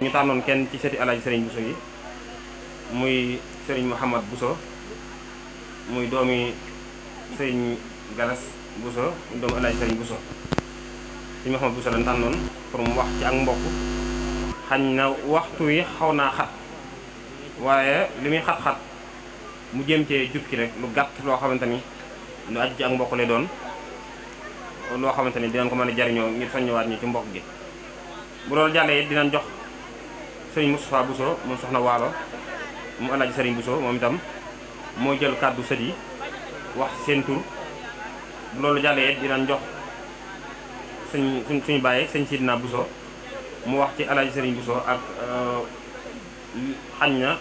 ñu tànnoon kenn ci sëti alaaji sëriñ Bousso yi muy sëriñ Mouhamad Bousso muy doomi sëriñ Galas Bousso muy doomi alaaji sëriñ Bousso sëriñ Mouhamad Bousso lañ tànnoon pour mu wax ci ak mbokk xañ na waxtu wi xaw naa xat waaye li muy xat-xat mu jëm cee ki rek lu gàtt loo xamante ni lu aju ci ak mbokk lay doon loo xamante ni dinañ ko mën a jariñoo ngir soññiwaat ñu ci mbokk gi bu loolu jàllee it jox sëñ sëriñ Moustapha Bousso moom soxna waalo mu alaaji sëriñ Bousso moom itam moo jël kàddu sët yi wax seen tur loolu jàllee it dinañ jox suñ suñ suñu bàyyee sëñ naa buso mu wax ci alaaji sëriñ buso ak euh, xañ na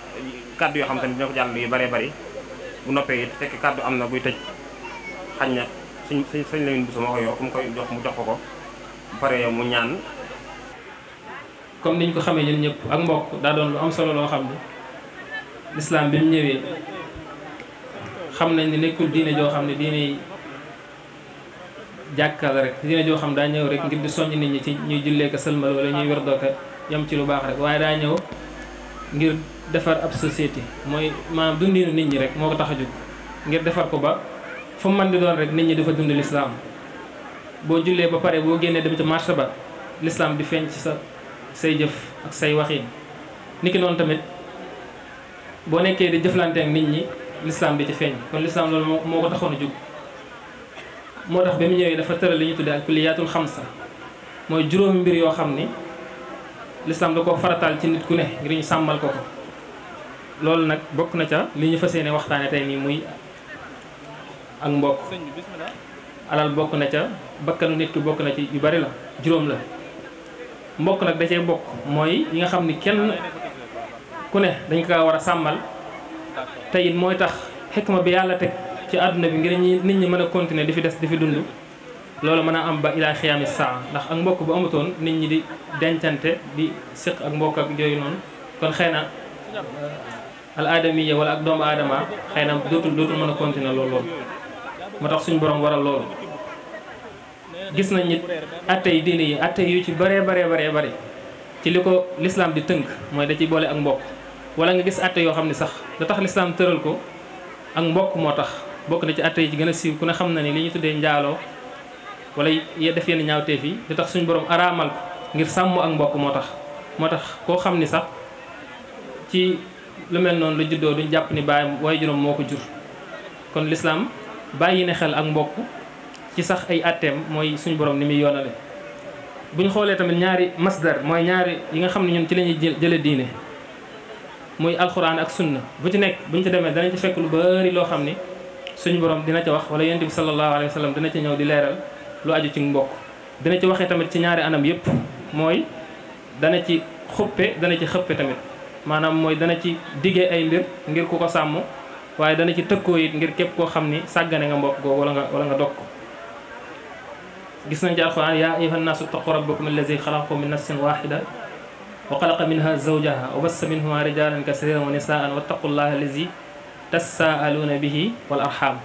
kàddu yoo xam te ne dina ko jàll yu bëree bari bu noppee it fekk kàddu am na buy tëj xañ na suñ suñ sëñ Lamine Bousso moo koy yor ku mu jox ko ko bu paree mu ñaan comme niñ ko xamee ñun ñëpp ak mbokk daa doon lu am solo loo xam ne lislaam bi mu ñëwee xam nañ ne nekkul diine joo xam ne diine jàkkal rek diine joo xam daa ñëw rek ngir di soññ nit ñi ci ñuy jullee ko sëlmal wala ñuy werdoo ko yam ci lu baax rek waaye daa ñëw ngir defar ab société mooy maanaam dundinu nit ñi rek moo ko tax a jóg ngir defar ko ba fu mu mën di doon rek nit ñi dafa dund lislaam boo jullee ba pare boo génnee dem ci marché ba lislaam di feeñ ci sa say jëf ak say waxin ki noonu tamit boo nekkee di jëflante ak nit ñi lislaam di ci feeñ kon lislaam loolu moo ko taxoon a jóg moo tax ba mu ñëwee dafa tëral li ñu tuddee alkulliyaatul xamsa mooy juróomi mbir yoo xam ni lislaam da koo farataal ci nit ku ne ngir ñu sàmmal ko ko loolu nag bokk na ca li ñu fas yéene waxtaane tey nii muy ak mbokk alal bokk na ca bakkanu nit bokk na ci yu bari la juróom la mbokk nag da cee bokk mooy yi nga xam ni kenn ku ne dañ kaa war a sàmmal te it mooy tax ma bi yàlla teg ci àdduna bi ngir nit ñi mën a continuer di fi des di fi dund loolu mën a am ba ilaa xiyaami saa ndax ak mbokk bu amatoon nit ñi di dencante di siq ak mbokk ak yooyu noonu kon xëy na uh, al aadamiya wala ak doomu aadama xëy na dootul dootul mën a continuer loolu moo tax suñu borom waral loolu gis nañ nit atte yi diine yi atte yu ci bëree baree baree bëri ci li ko lislaam di tënk mooy da ciy boole ak mbokk wala nga gis atte yoo xam ne sax da tax lislaam tëral ko ak mbokk moo tax bokk na ci atte yi ci gën a siiw ku ne xam na ni li ñu tuddee njaaloo wala ye def yenn ñaawteef yi da tax suñu borom araamal ngir sàmm ak mbokk moo tax moo tax koo xam ni sax ci lu mel noonu lu juddoo duñ jàpp ni bàyyi waaye juróom moo ko jur kon lislaam bàyyi ne xel ak mbokk ci sax ay atteem mooy suñu borom ni muy yoonale bu xoolee tamit ñaari masdar mooy ñaari yi nga xam ne ñun ci la ñuy jële diine muy alxuraan ak sunna bu ci nekk bu ñu ci demee danañ ci fekk lu bari loo xam ni suñu borom dina ci wax wala yonent bi sallallahu alayhi wa sallam dina ci ñëw di leeral lu aju ci mbokk dina ci waxee tamit ci ñaari anam yëpp mooy dana ci xëppe dana ci xëppe tamit maanaam mooy dana ci diggee ay mbir ngir ku ko sàmm waaye dana ci tëkkoo it ngir képp koo xam ni sàggane nga mbokk wala nga wala nga dog ko gis nañ ci alquran yaa ayyuha nnaasu ttaqu rabbakum allazi xalaqakum min nafsin waxida wa xalaqa minha zawjaha wa bassa minhuma rijalan kasiran wa nisaan wattaqu llaha allazi bi bihi wal arxam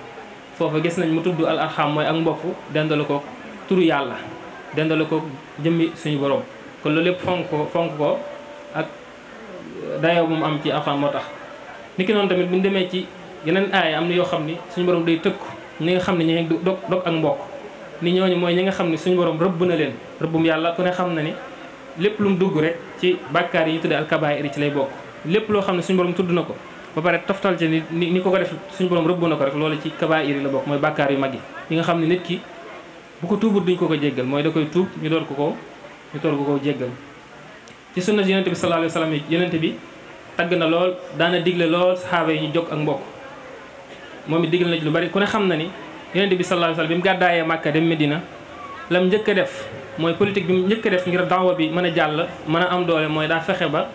foofu gis nañ mu tudd al arxam mooy ak mbokk dendale ko turu yàlla dendale ko jëmmi suñu borom kon loolu lépp fonk ko fonk ko ak dayoo bu mu am ci alxam moo tax ko noonu tamit bu ñu demee ci yeneen aaya am na yoo xam ni suñu borom day tëkk ñi nga xam ne ñu ngi ni ñooñu mooy ñi nga xam ne suñu borom rëbb na leen rëbbum yàlla ku ne xam na ni lépp lu mu dugg rek ci bàkkaar yi ñu tuddee alkabaayir ci lay bokk lépp loo xam ne suñu borom tudd na ko ba pare toftal ci ni ni ko ko def suñu borom rëbb na ko rek loolu ci kabaayir yi la bokk mooy bàkkaar yu mag yi nga xam ne nit ki bu ko tuubut duñ ko ko jéggal mooy da koy tuub ñu door ko ko ñu door ko ko jéggal ci sunna yonente bi sallallahu alayhi wa sallam bi tagg na lool daana digle lool saxaaba yi ñu jokk ak mbokk moom it digle na ci lu bari ku ne xam na ni yonent bi sallallahu alayhi bi mu gàddaayee Màkka dem Medina lam njëkk a def mooy politique bi mu njëkk a def ngir daawa bi mën a jàll mën a am doole mooy daa fexe ba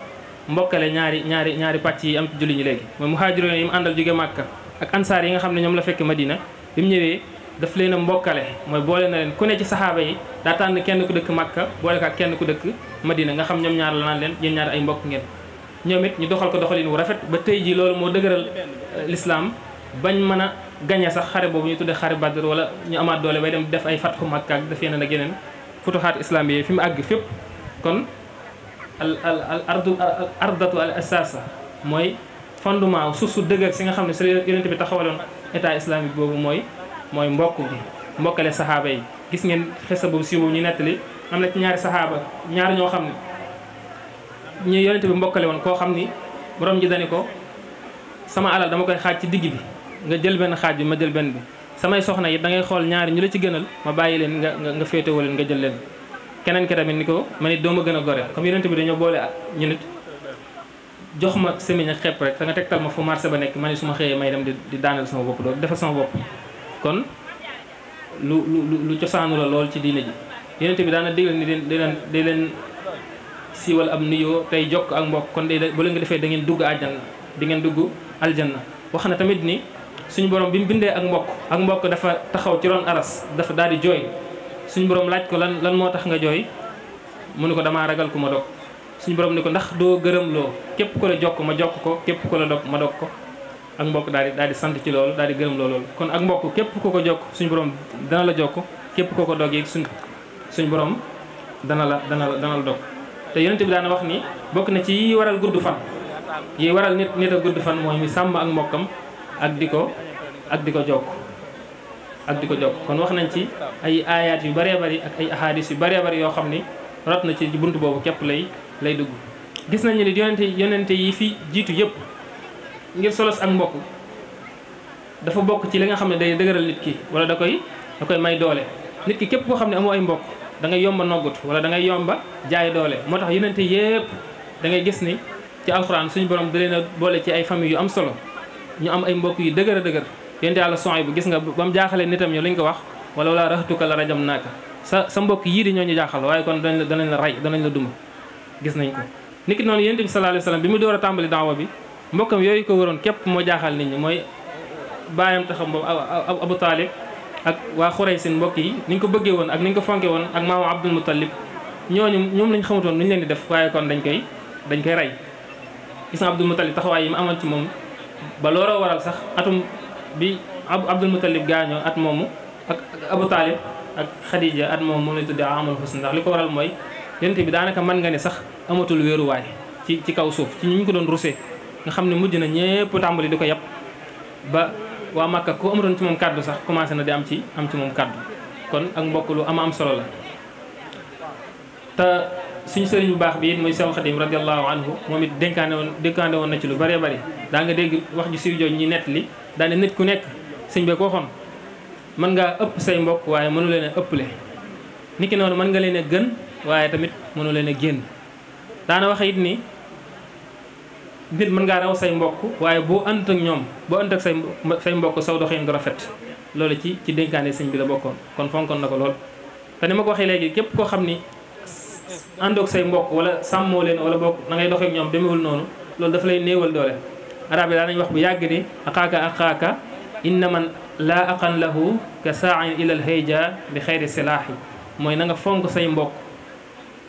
mbokkale ñaari ñaari ñaari pàcc yi am ci julli ñi léegi mooy muhaajiroon yi mu àndal jóge Màkka ak ansaar yi nga xam ne ñoom la fekk Medina bi mu ñëwee daf leen a mbokkale mooy boole na leen ku ne ci saxaaba yi daa tànn kenn ku dëkk Màkka boole ko ak kenn ku dëkk Medina nga xam ñoom ñaar la naan leen yéen mbokk ngeen ñoom it ko doxalin ba tey ji loolu moo dëgëral eh, l'islam bañ mën gañe sax xare boobu ñu tuddee xare Badr wala ñu amaat doole bay dem def ay fatxu Makka ak def yeneen ak yeneen futuxaat islam yi fi mu àgg fépp kon al al al ardu al ardatu al asasa mooy fondement suuf su dëgër si nga xam ne si yonent bi taxawaloon état islamique boobu mooy mooy mbokk bi mbokkale saxaaba yi gis ngeen xesa boobu si boobu ñu nettali am na ci ñaari saxaaba ñaari ñoo xam ne ñu yonent bi mbokkale woon koo xam ni borom ji dani ko sama alal dama koy xaaj ci digg bi nga jël benn xaaj bi ma jël benn bi samay soxna yi dangay xool ñaari ñu la ci gënal ma bàyyi leen nga nga féetewoo leen nga jël leen keneen ki tamit ni ko ma nit gën a comme yonent bi dañoo boole ñu nit jox ma semiñ ak rek da nga tegtal ma fu marché ba nekk ma su ma xëyee may dem di daaneel sama bopp doo defal sama kon lu lu lu lool ci diine ji yonent bi daana digal ni di leen di leen siiwal am nuyoo tey jokk ak mbokk kon day bu la nga defee da ngeen dugg aljanna di ngeen dugg aljanna wax na suñu borom bi mu bindee ak mbokk ak mbokk dafa taxaw ci ron aras dafa daal di jooy suñu borom laaj ko lan lan moo tax nga jooy mu ne ko damaa ragal ko ma dog suñu borom ne ko ndax doo gërëm loo képp ko la jokk ma jokk ko képp ko la dog ma dog ko ak mbokk daal di daal di sant ci loolu daal di gërëm loo loolu kon ak mbokk képp ko ko jokk suñu borom dana la jokk képp ko ko dog yeeg suñ suñu borom dana la dana la dana la dog te yonent bi daana wax ni bokk na ci yi waral gudd fan yi waral nit gudd fan mooy mi sàmm ak mbokkam ak di ko ak di ko jokk ak di ko jokk kon wax nañ ci ay aayaat yu bëree bëri ak ay ahadis yu bëree bëri yoo xam ni rot na ci bunt boobu képp lay lay dugg gis nañu ni yonente yonente yi fi jiitu yëpp ngir solos ak mbokk dafa bokk ci li nga xam ne day dëgëral nit ki wala da koy da koy may doole nit ki képp koo xam ne amoo ay mbokk da yomba noggut wala da ngay yomba jaay doole moo tax yonente yëpp da ngay gis ni ci alxuraan suñu borom da leen boole ci ay famille yu am solo ñu am ay mbokk yi dëgër a dëgër yonte yàlla son bu gis nga ba mu jaaxalee nitam ñu lañ ko wax wala wala raxtuka la rajam naaka sa sa mbokk yii di ñoo ñu jaaxal waaye kon dañ la danañ la rey danañ la duma gis nañ ko niki noonu yonent bi sallallahu bi mu door a tàmbali daawa bi mbokkam yooyu ko waroon képp moo jaaxal nit ñi mooy bàyyam taxam boobu Abu Taalib ak waa Xuraysh seen mbokk yi ni ñu ko bëggee woon ak ni ñu ko fonke woon ak maamu Abdul Muttalib ñooñu ñoom lañ xamutoon nu ñu leen di def waaye kon dañ koy dañ koy rey gis nga Abdul Muttalib taxawaay yi mu amoon ci moom ba looloo waral sax atum bi ab Abdul Muttalib gaañoo at moomu ak Abu Taalib ak Khadija at moomu moom la tuddee amul xusn ndax li ko waral mooy yonent bi daanaka mën nga ne sax amatul wéeruwaay ci ci kaw suuf ci ñu ko doon ruse nga xam ne mujj na ñépp tàmbali di ko yàpp ba waa Makka ku amatoon ci moom kàddu sax commencé na di am ci am ci moom kàddu kon ak mbokk lu am am solo la suñ sëriñ bu baax bi it muy Seex Xadim radiallahu anhu moom it dénkaane woon dénkaane woon na ci lu bëree bëri daa dégg wax ju siiw jooju ñi nett li daane nit ku nekk sëñ be koo xoon mën ngaa ëpp say mbokk waaye mënu leen a ëpple niki noonu mën nga leen a gën waaye tamit mënu leen a génn daana wax it ni nit mën ngaa raw say mbokk waaye boo ànd ak ñoom boo ànd ak say say mbokk saw doxin du rafet loolu ci ci dénkaane sëñ bi la bokkoon kon fonkoon na ko lool te ni ma ko waxee léegi képp koo xam ni àndoog say mbokk wala sàmmoo leen wala bokk na ngay doxeek ñoom demewul noonu loolu dafa lay néewal doole arab yi daa wax bu yàgg ni aqaaka aqaaka inna man laa aqan lahu ka saain ilal hayja bi xayri silaahi mooy na nga fonk say mbokk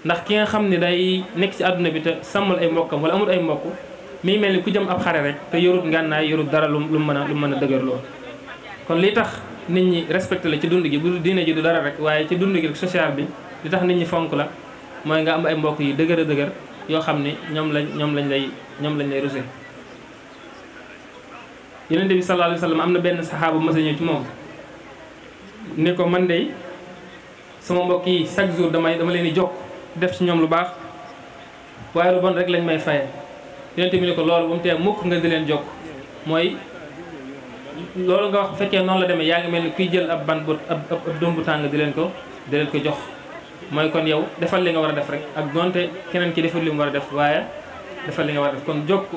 ndax ki nga xam ni day nekk ci àdduna bi te sàmmul ay mbokkam wala amul ay mbokk mi mel ni ku jëm ab xare rek te yorut ngànnaay yorut dara lu lu mën a lu mën a dëgër lool kon li tax nit ñi respecté la ci dund gi bu diine ji du dara bi mooy nga am ay mbokk yu dëgër a dëgër yoo xam ne ñoom lañ ñoom lañ lay ñoom lañ lay rusé yonente bi sallallahu alayhi wa am na benn saxaaba mës a ñëw ci moom ne ko man de sama mbokk yi chaque jour damay dama leen di jokk def ci ñoom lu baax waaye lu bon rek lañ may faye yonente bi ne ko loolu ba mu tee mukk nga di leen jokk mooy loolu nga wax fekkee noonu la demee yaa ngi mel ni kuy jël ab ban bu ab ab dómbu tàng di leen ko di leen ko jox mooy kon yow defal li nga war a def rek ak donte keneen ki defal li mu war a def waaye defal li nga war a def kon jokk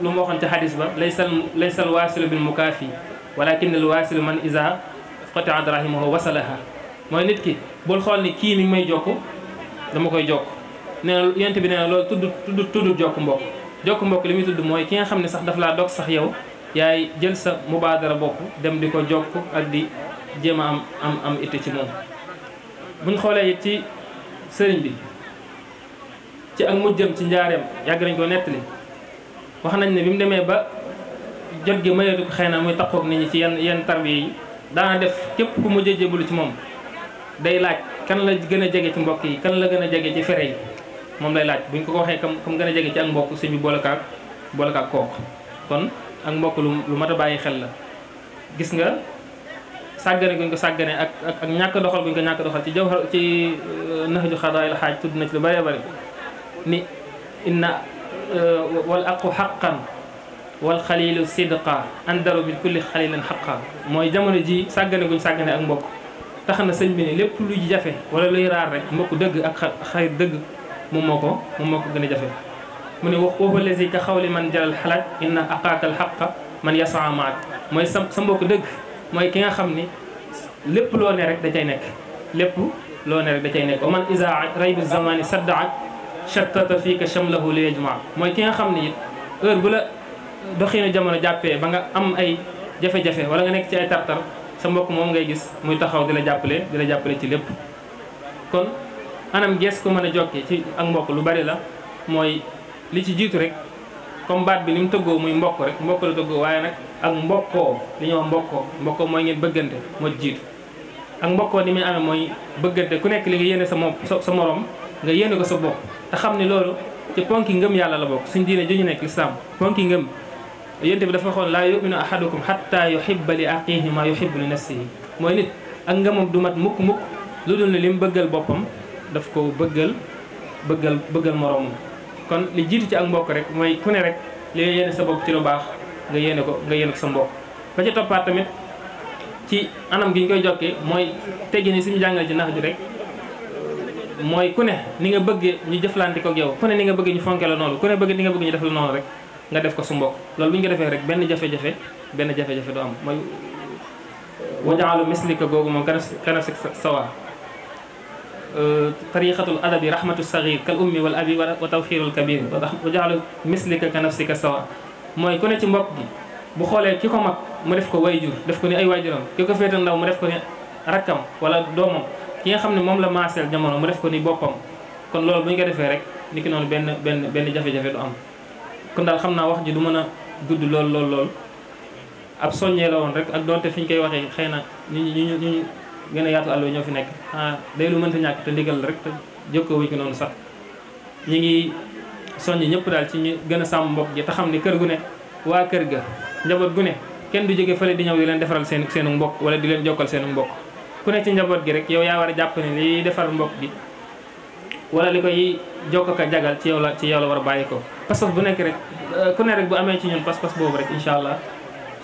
lu ma waxoon ci xadis ba laysal laysal waasilu bil mukaafi walakin al waasilu man isa qatiat rahimahu wasalaha mooy nit ki bul xool ni kii mi may jokk dama koy jokk nee na yent bi nee na loolu tudd tudd tudd jokk mbokk jokk mbokk li muy tudd mooy ki nga xam ne sax daf laa dog sax yow yaay jël sa mubaadara bokk dem di ko jokk ak di jéem am am ci moom buñ xoolee it ci sëriñ bi ci ak mujjam ci njaareem yàgg nañ ko nettali wax nañ ne bi mu demee ba jot gi mayatu ko xëy na muy taqoog nit ñi ci yenn yenn tarbiya yi daana def képp ku mujj jébbalu ci moom day laaj kan la gën a jege ci mbokk yi kan la gën a jege ci fere yi moom lay laaj buñ ko ko waxee kam kam gën a jege ci ak mbokk sëñ bi boolekaak boolekaak kooku kon ak mbokk lu lu mat a bàyyi xel la gis nga sàggane guñ ko sàggane ak ak ñàkk doxal guñ ko ñàkk doxal ci jawhar ci euh, naxju xadaayil xaaj tudd na ci lu bëree bëri ni inna euh, wal aqu xaqan wal xalilu sidqa andaru bi kulli xalilin xaqan mooy jamono ji sàggane guñ sàggane ak mbokk tax na sëñ bi ne lépp luy jafe wala luy raar rek mbokk dëgg ak xarit dëgg moom moo ko moom moo ko gën a jafe mu ne wax obalesi ka xawli man jalal xalaaj inna aqaakal xaqa man yasaa mooy sa mbokk dëgg mooy ki nga xam ni lépp loo ne rek da cay nekk lépp loo ne rek da cay nekk wa man isa raybu zamani sadda ak shattata fiika shamlahu li yajmaa mooy ki nga xam ni it heure bu la doxiinu jamono jàppee ba nga am ay jafe-jafe wala nga nekk ci ay tartar sa mbokk moom ngay gis muy taxaw di la jàppale di la jàppale ci lépp kon anam gees ko mën a jokkee ci ak mbokk lu bari la mooy li ci jiitu rek comme baat bi ni mu tëggoo muy mbokk rek mbokk la tëggoo waaye nag ak mbokkoo mbokkoo mbokkoo mooy ngeen bëggante moo jiitu ak mbokkoo ni muy amee mooy bëggante ku nekk li nga yéene sa moom sa nga yéene ko sa bopp te xam ne loolu ci ponki ngëm yàlla la bokk suñ diine juñu nekk lislaam ponki ngëm yonent bi dafa laa yuminu ahadukum hatta yuhibba li aqihi ma yuhibbu li nafsihi mooy nit ak ngëmam du mat mukk mukk lu dul ne li mu bëggal boppam daf ko bëggal bëggal bëggal moroomam kon li jiitu ci ak mbokk rek mooy ku rek li nga sa bopp ci lu baax nga yéene ko nga yéene ko sa mbokk ba ca toppaat tamit ci anam gi ñu koy jokkee mooy teggi ni suñu jàngale ci nax ju rek mooy ku ne ni nga bëggee ñu jëflante ko ak yow ku ne ni nga bëggee ñu fonke la noonu ku ne bëgg ni nga bëgg ñu def la noonu rek nga def ko su mbokk loolu bu ñu ko defee rek benn jafe-jafe benn jafe-jafe du am mooy wajaalu mislika googu moom kanaf kanaf si sawa tariqatul adabi rahmatu sagir kal ummi wal abi wa tawxirul kabir wa jaalu mislika ka nafsika sawa mooy ku ne ci mbokk gi bu xoolee ki ko mag mu def ko way wayjur def ko ni ay waajuram ki ko féete ndaw def ko ni rakkam wala doomam ki nga xam ne moom la maaseel jamono mu def ko ni boppam kon loolu bu ko defee rek ni ki noonu benn benn benn jafe-jafe du am kon daal xam naa wax ji du mën a gudd lool lool lool ab soññee la woon rek ak doonte fi ñu koy waxee xëy na ñu ñu ñu gën a yaatu àll bi ñoo fi nekk ah day lu mënta ñàkk te ndigal rek te jokkoo wuñ ko noonu sax ñi ngi soññ ñëpp daal ci ñu gën a sàmm mbokk gi te xam ne kër gu ne waa kër ga njaboot gu ne kenn du jóge fële di ñëw di leen defaral seen seenu mbokk wala di leen jokkal seenu mbokk ku ne ci njaboot gi rek yow yaa war a jàpp ne li defar mbokk gi wala li koy jokk ak jagal ci yow la ci yow la war a bàyyi ko pas bu nekk rek euh, ku ne rek bu amee ci ñun pas-pas boobu rek incha allah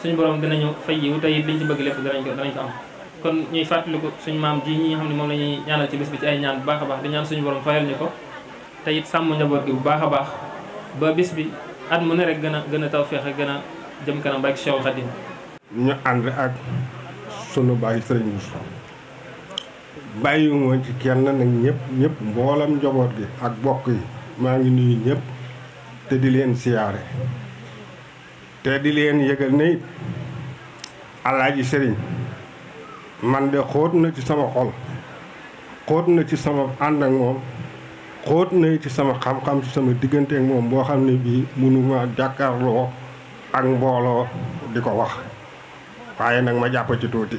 suñu borom dinañu fay yiw te it ci bëgg lépp danañ ko danañ ko am kon ñuy fàttaliku suñu maam ji ñi nga xam ne moom la ñaanal ci bis bi ci ay ñaan bu baax a baax di ñaan suñu borom fayal ñu ko te it sàmm njaboot gi bu baax a baax ba bis bi at mu ne rek gën a gën a tawféex ak gën a jëm kanam ba ak Cheikh Khadim ñu ànd ak sunu baay Sëriñ Moussa bàyyi woon ci kenn nag ñëpp ñëpp mboolam njaboot gi ak bokk yi maa ngi nuyu ñëpp te di leen siyaare te di leen yëgal ne yi Sëriñ man de xóot na ci sama xol xóot na ci sama ànd ak moom xóot na ci sama xam-xam ci sama digganteek moom boo xam ne bii mënuma jàkkaarloo ak mbooloo di ko wax waaye nag ma jàpp ci tuuti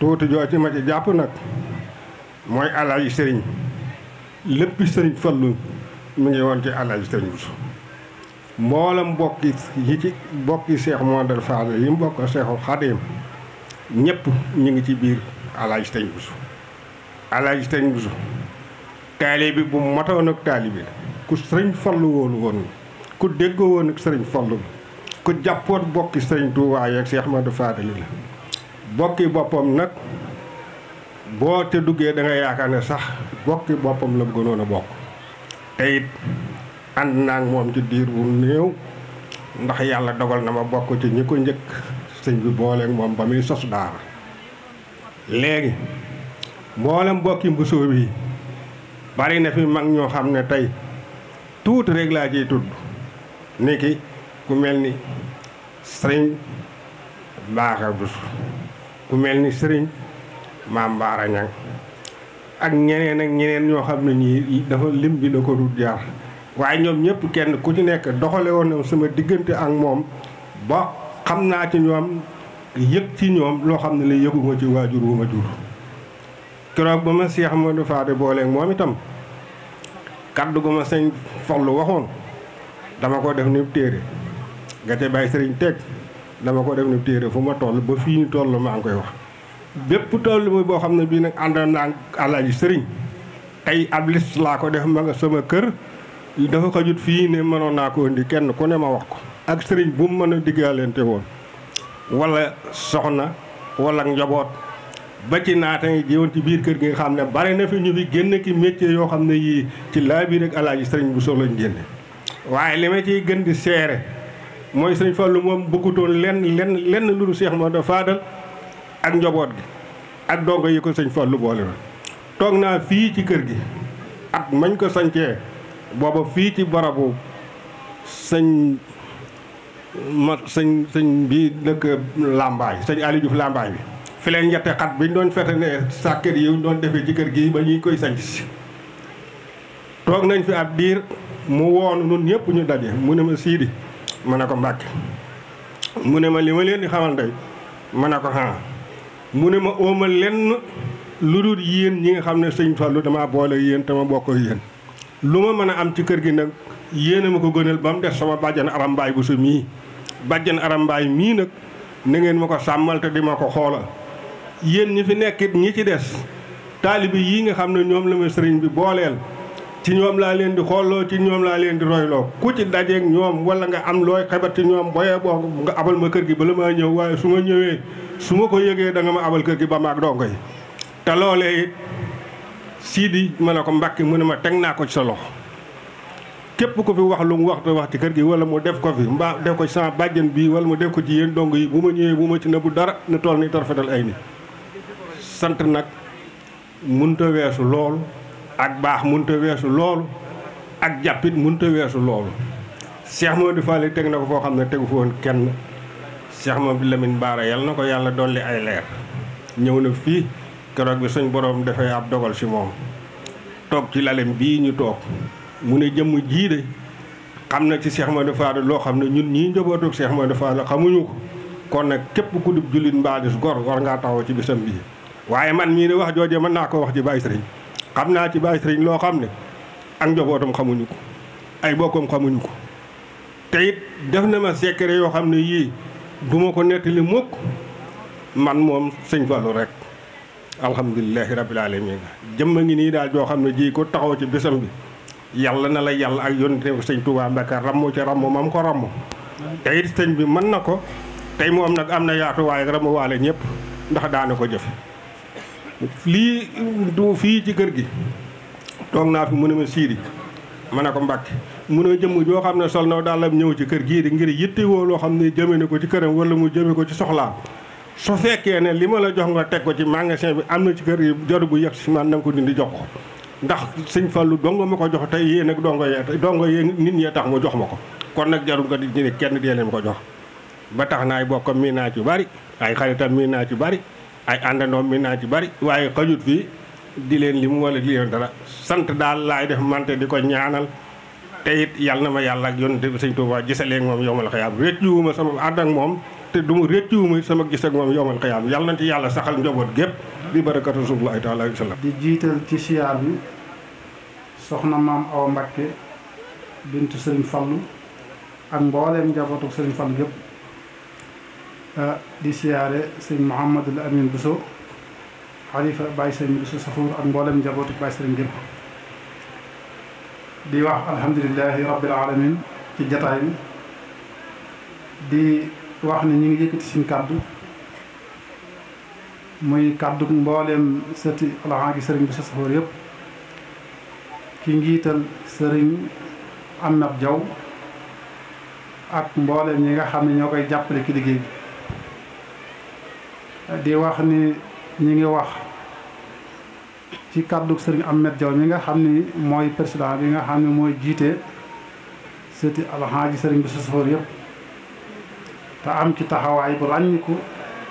tuuti joo ci ma ci jàpp nag mooy alal yi sëriñ léppi sëriñ Fallu mu ngi woon ci alal yi sëriñ Buso bokki yi ci bokki seex Mohamedou Fadel yi mu bokk Seexul Xadim ñépp ñu ngi ci biir alaaji Sëñ Busu alaaji Sëñ Busu taali bi bu matoon ak taali bi ku sëriñ fallu woonu woon ku déggoo woon ak sëriñ fallu ku jàppoon bokki sëriñ Tuubaa yeeg Cheikh Ahmadou Fadali la bokki boppam nag boo te duggee dangay yaakaar ne sax bokki boppam la gënoon a bokk te ànd naa ak moom ci diir wu néew ndax yàlla dogal na ma bokk ci ñi ko njëkk sëñ bi booleeg moom ba muy sos léegi mboolem mbokki mbusoo bi bari na fi mag ñoo xam ne tey tuuti rek laa ciy tudd niki ku mel ni sëriñ baaxa bus ku mel ni sëriñ maam Baara Ñang ak ñeneen ak ñeneen ñoo xam ne ñii dafa lim bi da ko dut jaar waaye ñoom ñëpp kenn ku ci nekk doxale woon na sama diggante ak moom ba xam naa ci ñoom yëg ci ñoom loo xam ne lay yëguma ci waajur wu ma jur keroog ba ma Cheikh Amadou Fade booleeg moom itam kaddu gu ma sëñ Fallu waxoon dama ko def ni téere nga ca bàyyi sëriñ teg dama ko def ni téere fu ma toll ba fii ñu toll maa ngi koy wax bépp toll bi boo xam ne bii nag àndoon naa alaaji sëriñ tey ab liste laa ko def ma sama kër dafa ko jut fii ne manoon naa ko indi kenn ku ne ma wax ko ak sëriñ bu mu mën a diggaalante woon wala soxna wala njaboot ba ci naata ngi jiwoon ci biir kër gi nga xam ne bare na fi ñu fi génn ki métier yoo xam ne yii ci laa biir ak alaaji sëriñ bu soxlañ génne waaye li ma ciy gën di seere mooy sëriñ Fallou moom bëggutoon lenn lenn lenn lu dul Seex Mamadu Faadal ak njaboot gi ak dongo yi ko sëriñ Fallou boole woon toog naa fii ci kër gi ak mañ ko sancee booba fii ci barabu sëñ ma sëñ sëñ bii dëkk làmbaay sëñ Aliou Diouf làmbaay bi fi leen xat bi ñu doon fete ne sàkket yi ñu doon defee ci kër gi ba ñuy koy sanc si toog nañ fi ab diir mu woon nun ñëpp ñu daje mu ne ma siidi ma ne ko mbàkke mu ne ma li ma leen di xamal day ma ne ko xan mu ne ma óoma lenn lu dul yéen ñi nga xam ne sëñ Fallou dama boole yéen te ma bokk yéen lu ma mën a am ci kër gi nag yéen a ma ko gënal ba mu def sama bàjjan aram mbaay bu su mii bàjjen aram mbaay mii nag na ngeen ma ko sàmmal di ma ko xoola yéen ñi fi nekkit ñi ci des taalibi yii nga xam ne ñoom la ma sëriñ bi booleel ci ñoom laa leen di xooloo ci ñoom laa leen di royloo ku ci dajeeg ñoom wala nga am looy xebat ci ñoom boyee boo nga abal ma kër gi bala maa ñëw waaye su ma ñëwee su ma ko yëgee da nga ma abal kër gi ba maa doo yi te loolee it sii ma ne ko mbàkki mu ne ma teg naa ko ci sa loxo képp ku fi wax lu mu wax wax ci kër gi wala mu def ko fi mbaa def ko sans bàjjen bi wala mu def ko ci yéen dong yi bu ma ñëwee bu ma ci nëbbu dara ne tool ni tarfetal ay ni sant nag mënut weesu loolu ak baax mënut weesu loolu ak jàppit mënut weesu loolu Cheikh Modou Fall teg na ko foo xam ne tegu fa woon kenn Cheikh Modou Lamine Bara yal na ko yàlla doon dolli ay leer ñëw na fii keroog bi suñ boroom dafay ab dogal si moom toog ci lalem bii ñu toog mu ne jëmm jii de xam na ci ma Modou Fall loo xam ne ñun ñii njabootu Cheikh Modou Fall xamuñu ko kon nag képp ku dib jullit mbaalis gor war ngaa taxaw ci bisam bii waaye man mii ne wax jooje mën naa ko wax ci Baye Sëriñ xam naa ci Baye Sëriñ loo xam ne ak njabootam xamuñu ko ay bokkam xamuñu ko te it def na ma secret yoo xam ne yii du ma ko nettali mukk man moom sëñ Fallou rek alhamdulilahi rabbil alamin jëmm a ngi nii daal joo xam ne jii ko taxaw ci bisam bi yàlla na la yàlla ak yónnte sëñ Touba Mbacke rammu ci rammu mam ko rammu te it sëñ bi mën na ko tey moom am na yaatuwaay ak rammu waale ñëpp ndax daana ko jëf lii du fii ci kër gi toog naa fi mu ne ma siiri ma ne ko Mbacke mu ne jëmm joo xam ne sol na daalam ñëw ci kër gii di ngir yitte woo loo xam ne jëme na ko ci këram wala mu jëme ko ci soxlaa su fekkee ne li ma la jox nga teg ko ci magasin bi am na ci kër gi jaru bu yegg si man na ko dindi jox ko ndax sëñ Fallou dongo ma ko jox tey yéen ak dongo yee dongo yee nit ñee tax mu jox ma ko kon nag jarul nga di ñu kenn dee leen ko jox ba tax na ay bokkam mii naa ci bari ay xaritam mii naa ci bari ay àndandoom mii naa ci bari waaye xajut fii di leen li mu wala di leen dara sant daal laay def mante di ko ñaanal te it yàlla na ma yàlla ak yonent bi sëñ Touba gisaleeg moom yomal xayaam réccuwuma sama ànd ak moom te du mu réccuwuma sama gis ak moom yomal xayaam yàlla na ci yàlla saxal njaboot gépp bi di jiital ci siyaar bi soxna maam awa Mbakke bintu sëriñ Fallu ak mbooleem njabootu sëriñ Fallu yëpp eh, di siyaare sëñ Mouhamadul Amin Bousso xalifa Baye sëriñ Bousso Safour ak mbooleem njabootu Baye sëriñ yëpp di wax alhamdulilahi rabbil alamin ci jataay bi di wax ne ñu ngi yëkkati suñ kàddu muy kàddug mbooleem sëti alxan gi sëriñ bi sa safoor yëpp ki njiital sëriñ Amet Jaw ak mbooleem ñi nga xam ne ñoo koy jàppale ki liggéey bi di wax ni ñu ngi wax ci kàddug sëriñ Amet Jaw mi nga xam ni mooy président bi nga xam ne mooy jiite sëti alxan gi sëriñ bi sa safoor yëpp te am ci taxawaay bu ràññiku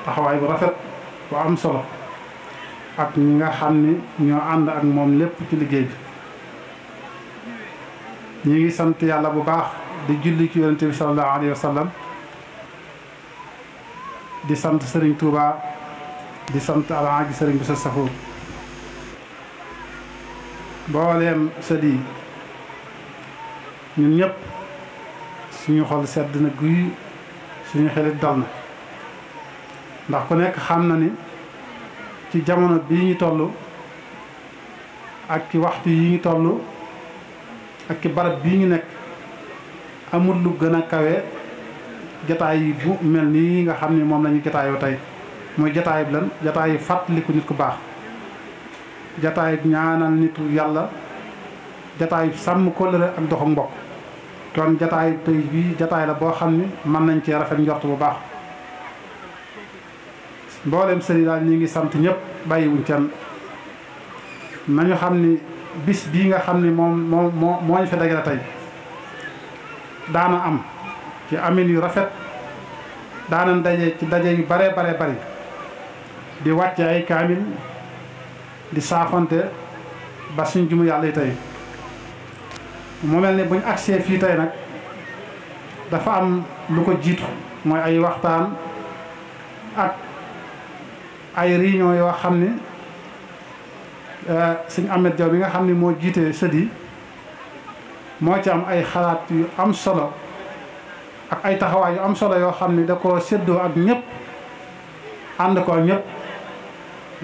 taxawaay bu rafet bu am solo ak ñi nga xam ni ñoo ànd ak moom lépp ci liggéey bi ñu ngi sant yàlla bu baax di julli ci yonente bi di sant sëriñ Touba di sant alhaaji sëriñ bi sa safoor booleem sët yi ñun ñëpp suñu xol sedd na guy suñu xelit dal na ndax ku nekk xam na ni ci jamono bii ñu toll ak ci waxtu yi ñu toll ak ci barab bii ñu nekk amul lu gën a kawe jataay yi bu mel nii nga xam ni moom lañuy ñu jataayoo tey mooy jataay bi lan jataay fàttaliku nit ku baax jataay ñaanal nitu yàlla jataay sàmm kóllëre ak doxu mbokk kon jataay tey bii jataay la boo xam ni mën nañ cee rafet njort bu baax mboolem sëriñ daal ñu ngi sant ñëpp bàyyiwuñ kenn nañu xam ni bis bii nga xam ni moom moo moo moo ñu fi dajale tey daana am ci amin yu rafet daana daje ci daje yu bare bare bari di wàcce ay kaamil di saafante ba suñ jumu yàlla yi tey mu mel ni buñ agsee fii tey nag dafa am lu ko jiitu mooy ay waxtaan ak ay réunion yoo xam ne euh, sëñ Ahmed Diaw bi nga xam ne moo jiitee sët moo ci am ay xalaat yu am solo ak ay taxawaay yu am solo yoo xam ne da koo séddoo ak ñëpp ànd ko ñëpp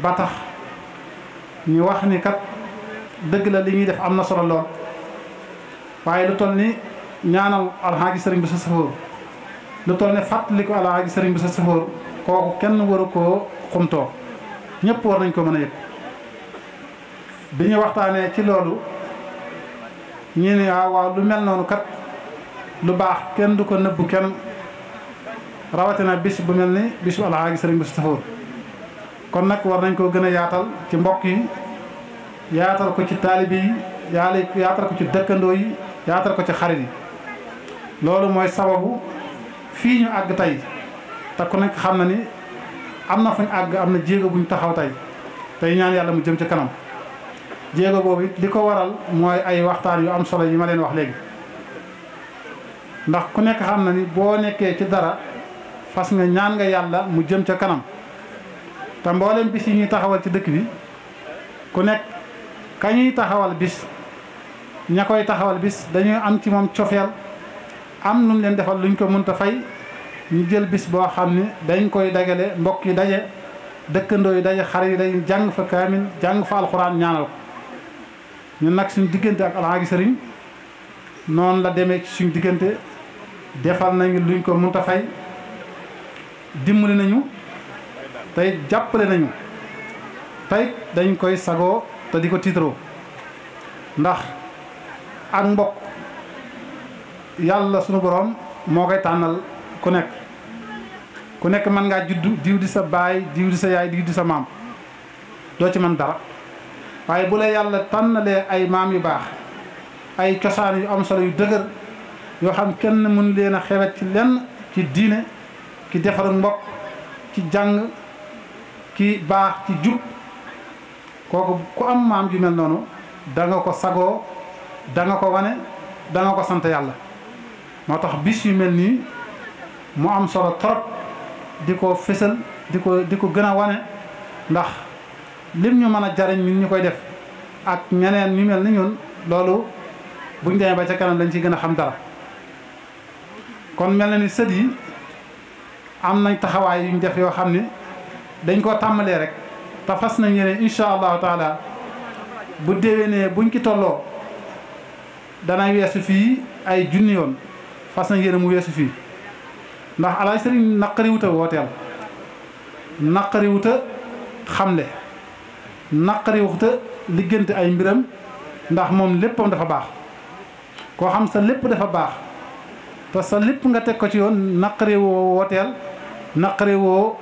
ba tax ñu wax ni kat dëgg la li ñuy def am na solo lool waaye lu toll ni ñaanal alxaaji sëriñ bi sa safoor lu toll ni fàttaliku alxaaji sëriñ bi sa safoor kooku kenn waru koo xumtoo ñëpp war nañ ko mën a yëg bi ñu waxtaanee ci loolu ñu ne ah waaw lu mel noonu kat lu baax kenn du ko nëbbu kenn rawatina bis bu mel ni bisu alxaaji sëriñ bu Safoor kon nag war nañ koo gën a yaatal ci mbokk yi yaatal ko ci taalibe yi yaale yaatal ko ci dëkkandoo yi yaatal ko ci xarit yi loolu mooy sababu fii ñu àgg tey te ku nekk xam na ni am na fuñ àgg am na jéego buñ taxaw tey tey ñaan yàlla mu jëm ca kanam jéego boobu li ko waral mooy ay waxtaan yu am solo yi ma leen wax léegi ndax ku nekk xam na ni boo nekkee ci dara fas nga ñaan nga yàlla mu jëm ca kanam te mboolem bis yi ñuy taxawal ci dëkk bi ku nekk kañuy taxawal bis ña koy taxawal bis dañuy am ci moom cofeel am lu mu leen defal luñ ko mënta fay ñu jël bis boo xam ni dañ koy dagale mbokk yi daje dëkkandoo yi daje xar yi dañuy jàng fa kaamin jàng fa alxuraan ñaanal ko ñun nag suñu diggante ak alxaaji sëriñ noonu la demee ci suñu diggante defal nañu luñ ko mënta fay dimbali nañu tey jàppale nañu tey dañ koy sagoo te di ko tiitaroo ndax ak mbokk yàlla sunu boroom moo koy tànnal ku nekk ku nekk mën ngaa juddu diw sa baay diw sa yaay diw di sa maam doo ci mën dara waaye bu la yàlla tànnalee ay maam yu baax ay cosaan yu am solo yu dëgër yoo xam kenn mun leen a xewet ci lenn ci diine ki defaru mbokk ci jàng ki baax ci jub kooku ku am maam ju mel noonu da ko sagoo da ko wane da ko sant yàlla moo tax bis yu mel nii mu am solo torop di ko fësal di ko di ko gën a wane ndax lim ñu mën a jariñ ñun ñu koy def ak ñeneen ñu mel ni loolu buñ demee ba ca kanam dañ ci gën a xam dara kon mel na ni sët yi am nañ taxawaay yuñ def yoo xam ni dañ ko tàmmalee rek te fas nañ yéene incha allahu taala bu déwénee buñ ki tolloo dana weesu fii ay junni yoon fas nañ yéene mu weesu fii ndax alaaj sëriñ naqariwuta wooteel naqariwuta xamle naqariwuta liggante ay mbiram ndax moom léppam dafa baax koo xam sa lépp dafa baax te sa lépp nga teg ko ci yoon naqariwoo wooteel naqariwoo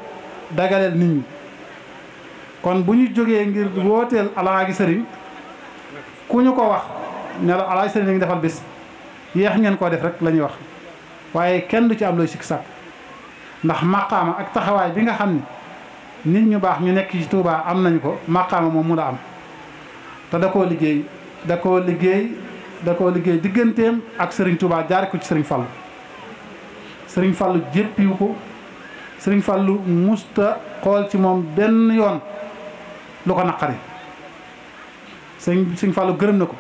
dagaleel nit ñi kon bu ñu jógee ngir wooteel alaaji sëriñ ku ñu ko wax ne la alaaji sëriñ la defal bis yeex ngeen koo def rek la ñuy wax waaye kenn du ci am looy sikk sàkk ndax maqaama ak taxawaay bi nga xam ni nit ñu baax ñu nekk ci Touba am nañu ko maqaama moom mu la am te da koo liggéey da koo liggéey da koo liggéey digganteem ak sëriñ Touba jaare ko ci Serigne Fallou Serigne Fallou jéppiwu ko sëriñ Fallou musta xool ci moom benn yoon lu ko naqari sëñ Serigne Fallou gërëm na ko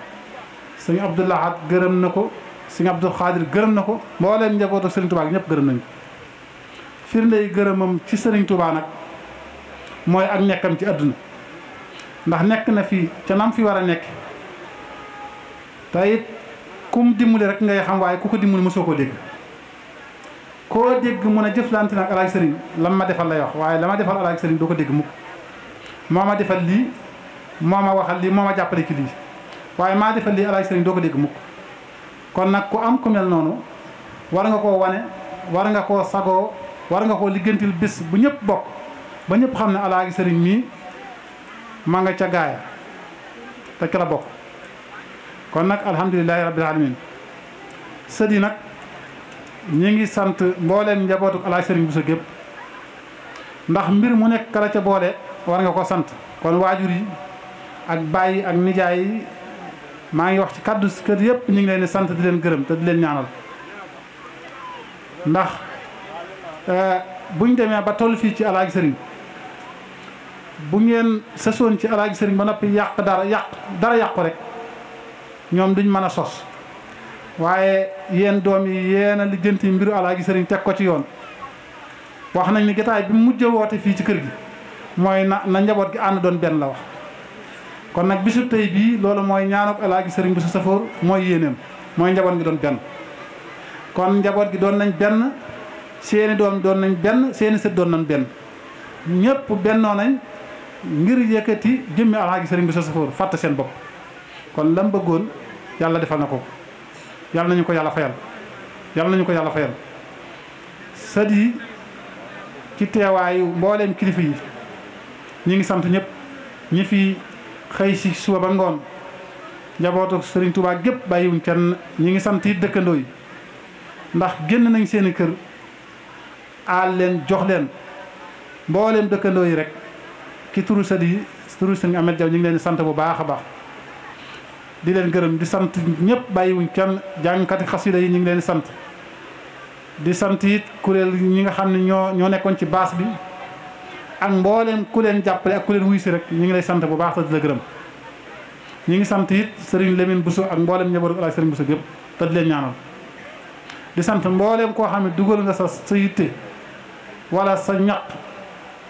sëñ Abdoul Ahad gërëm na ko sëñ Abdou Khadir gërëm na ko mbooleem njaboot ak Serigne Touba gi ñëpp gërëm nañ ko firnde gërëmam ci Serigne Touba nag mooy ak nekkam ci àdduna ndax nekk na fii ca nam fi war a nekk te it kum dimbali rek ngay xam waaye ku ko dimbali mosoo koo dégg koo dégg mun a jëflante nag alaaj Serigne lan ma defal lay wax waaye la ma defal alaaj Serigne doo ko dégg mukk moo ma defal lii moo ma waxal lii moo ma jàppale ci lii waaye maa defal lii alaaj Serigne doo dégg mukk kon nag ku am ku noonu war nga koo wane war nga koo sagoo war nga koo liggantil bis bu ñëpp bokk ba ñëpp xam ne alaaji sëriñ mii ma nga ca gaaya te ca bokk kon nag alhamdulilahi rabbil alamin sët yi nag ñi ngi sant mbooleem njabootu alaaji sëriñ bu sa gépp ndax mbir mu nekk kala ca boole war nga ko sant kon waajur yi ak baay ak nijaay maa ngi wax ci kàddu si kër yëpp ñu ngi leen di sant di leen gërëm te di leen ñaanal ndax euh, buñ demee ba toll fii ci alaaji sëriñ bu ngeen sësoon ci alaaji sëriñ ba noppi yàq dara yàq dara yàqu rek ñoom duñ mën a sos waaye yéen doom yi yéen a lijjanti mbiru alaaji sëriñ teg ko ci yoon wax nañ ni gataay bi mu mujj woote fii ci kër gi mooy na na njaboot gi ànd doon benn la wax kon nag bisu tey bii loolu mooy ñaanuk alaaji sëriñ bi sa safoor mooy yéeneem mooy njaboot gi doon benn kon njaboot gi doon nañ benn seeni doon doon nañ benn seeni sët doon nañ benn ñëpp bennoo nañ ngir yëkkati jëmmi alaaji sëriñ bu sa safoor fàtte seen bopp kon lam bëggoon yàlla defal na ko yàlla nañu ko yàlla fayal yàlla nañu ko yàlla fayal sët ci teewaayu mbooleem kilifa yi ñi ngi sant ñëpp ñi fi xëy si suba ba ngoon njabootu Serigne Touba gépp bàyyiwuñ kenn ñi ngi sant it dëkkandoo yi ndax génn nañ seeni kër aal leen jox leen mbooleem dëkkandoo yi rek ki turu sa di turu Serigne Ahmed Diaw ñu ngi leen di sant bu baax a baax. di leen gërëm di sant ñëpp bàyyiwuñ kenn jàngkati xasida yi ñu ngi leen sant di sant it kuréel ñi nga xam ne ñoo ñoo nekkoon ci baas bi. ak mbooleem ku leen jàppale ak ku leen wuy rek ñu ngi lay sant bu baax te di la gërëm ñu ngi sant it Serigne Lamine Bousso ak mbooleem ñëbaru El Hadj Serigne Bousso gépp te di leen ñaanal di sant mbooleem koo xam ne dugal nga sa sa yitte wala sa ñaq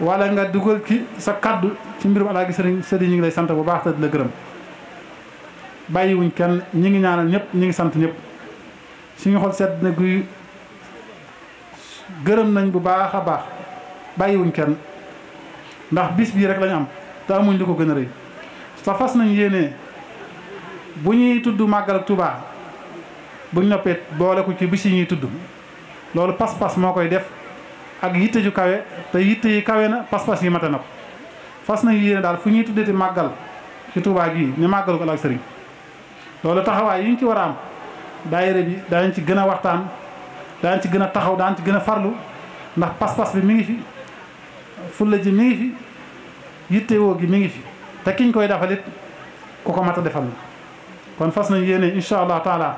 walla nga dugal ci sa kàddu ci mbirum El Hadj Serigne Serigne ñu ngi lay sant bu baax te di la gërëm bàyyiwuñ kenn ñi ngi ñaanal ñëpp ñi ngi sant ñépp suñu xol sedd na guy gërëm nañ bu baax a baax bàyyiwuñ kenn. ndax bis bii rek lañu am te amuñ li ko gën a rëy te fas nañ yéene bu ñuy tudd màggal ak Touba bu ñu noppee boole ko ci bis yi ñuy tudd loolu pas-pas moo koy def ak yitte ju kawe te yitte yi kawe na pas-pas yi mate na ko fas nañ yéene daal fu ñuy tuddee tuddati màggal ci Touba gii ni màggal ko ak sëriñ loolu taxawaay yi ñu ci war a am daayira bi daañu ci gën a waxtaan daañu ci gën a taxaw daañu ci gën a farlu ndax pas-pas bi mi ngi fi. fulla ji mi ngi fi yittewoo gi mi ngi fi te kiñ koy defal ku ko mat a defal la kon fas nañ yéene incha allah taala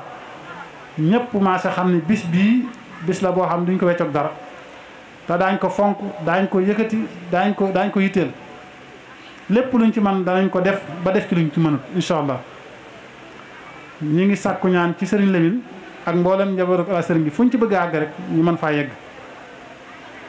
ñëpp maase xam ne bis bii bis la boo xam duñ ko weccoog dara te daañ ko fonk daañ ko yëkkati daañ ko daañ ko yitteel lépp luñ ci man danañ ko def ba def ci luñ ci mënut incha allah ñu ngi sàkku ñaan ci sëriñ Lamine ak mboolem njabootu ala sëriñ bi fuñ ci bëgg a àgg rek ñu mën faa yegg